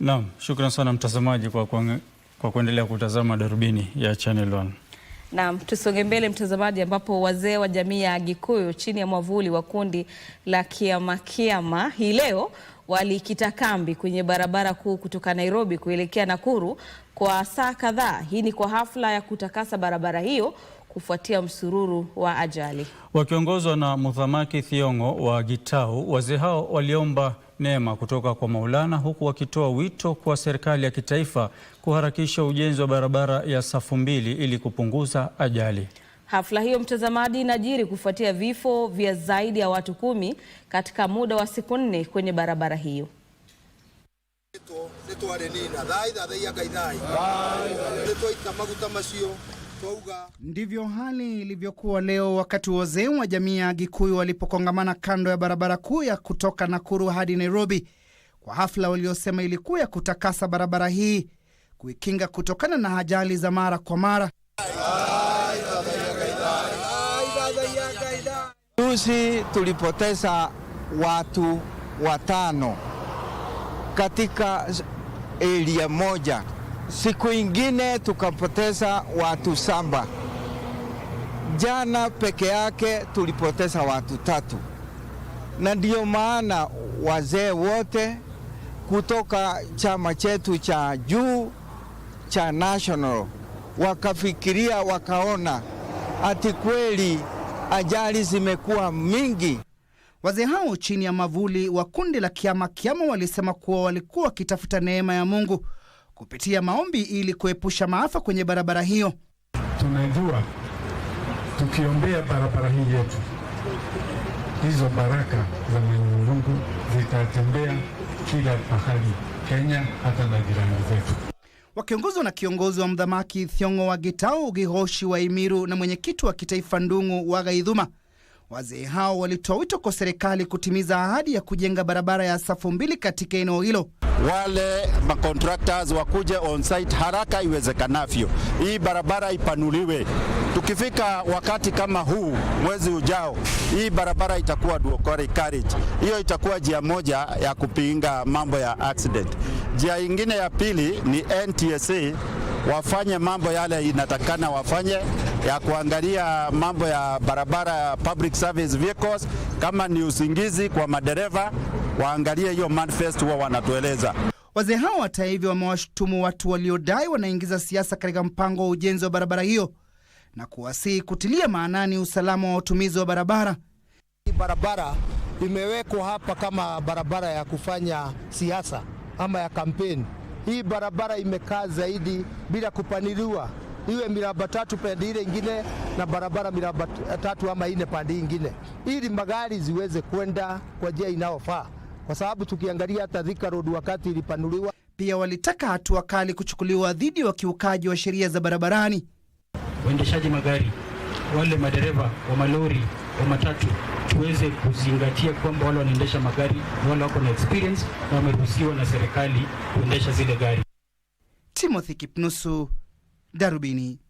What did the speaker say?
Naam, shukran sana mtazamaji kwa, kwa, kwa kuendelea kutazama Darubini ya Channel One. Naam, tusonge mbele mtazamaji, ambapo wazee wa jamii ya Agikuyu chini ya mwavuli wa kundi la Kiamakiama hii leo walikita kambi kwenye barabara kuu kutoka Nairobi kuelekea Nakuru kwa saa kadhaa. Hii ni kwa hafla ya kutakasa barabara hiyo kufuatia msururu wa ajali. Wakiongozwa na Muthamaki Thiong'o wa Gitau, wazee hao waliomba neema kutoka kwa Maulana huku wakitoa wito kwa serikali ya kitaifa kuharakisha ujenzi wa barabara ya safu mbili ili kupunguza ajali. Hafla hiyo mtazamaji, inajiri kufuatia vifo vya zaidi ya watu kumi katika muda wa siku nne kwenye barabara hiyo. Ndivyo hali ilivyokuwa leo wakati wazee wa jamii ya Gikuyu walipokongamana kando ya barabara kuu ya kutoka Nakuru hadi Nairobi kwa hafla waliosema ilikuwa ya kutakasa barabara hii kuikinga kutokana na ajali za mara kwa mara. Juzi tulipoteza watu watano katika eria moja siku ingine tukapoteza watu saba. Jana peke yake tulipoteza watu tatu, na ndiyo maana wazee wote kutoka chama chetu cha juu cha National wakafikiria wakaona ati kweli ajali zimekuwa mingi. Wazee hao chini ya mavuli wa kundi la Kiama Kiama walisema kuwa walikuwa wakitafuta neema ya Mungu kupitia maombi ili kuepusha maafa kwenye barabara hiyo. Tunajua tukiombea barabara hii yetu, hizo baraka za Mwenyezi Mungu zitatembea kila pahali Kenya, hata na jirani zetu. Wakiongozwa na kiongozi wa mdhamaki Thiong'o wa Gitau Gihoshi wa Imiru na mwenyekiti wa kitaifa Ndung'u wa Gaidhuma Wazee hao walitoa wito kwa serikali kutimiza ahadi ya kujenga barabara ya safu mbili katika eneo hilo. Wale makontraktas wakuje site haraka iwezekanavyo, hii barabara ipanuliwe. Tukifika wakati kama huu mwezi ujao, hii barabara itakuwa dual carriage. Hiyo itakuwa njia moja ya kupinga mambo ya accident. Njia ingine ya pili ni NTSA wafanye mambo yale inatakana wafanye ya kuangalia mambo ya barabara public service vehicles, kama ni usingizi kwa madereva waangalie hiyo manifest huwa wanatueleza. Wazee hao hata hivyo wamewashutumu watu waliodai wanaingiza siasa katika mpango wa ujenzi wa barabara hiyo na kuwasihi kutilia maanani usalama wa utumizi wa barabara. Barabara imewekwa hapa kama barabara ya kufanya siasa ama ya kampeni. Hii barabara imekaa zaidi bila kupaniliwa iwe miraba tatu pande ile ingine na barabara miraba tatu ama ine pande ingine, ili magari ziweze kwenda kwa njia inayofaa, kwa sababu tukiangalia hata Thika Road wakati ilipanuliwa. Pia walitaka hatua kali kuchukuliwa dhidi ya wakiukaji wa sheria za barabarani. Waendeshaji magari wale madereva wa malori wa matatu tuweze kuzingatia kwamba wale wanaendesha magari wale wako na experience na wameruhusiwa na serikali kuendesha zile gari. Timothy Kipnusu در